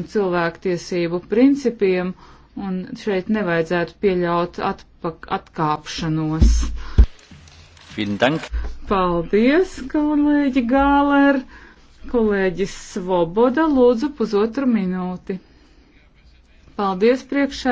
un cilvēktiesību principiem, un šeit nevajadzētu pieļaut atpak, atkāpšanos. Findank. Paldies, kolēģi Gāler. Kolēģis Svoboda, lūdzu, pusotru minūti. Paldies priekšā.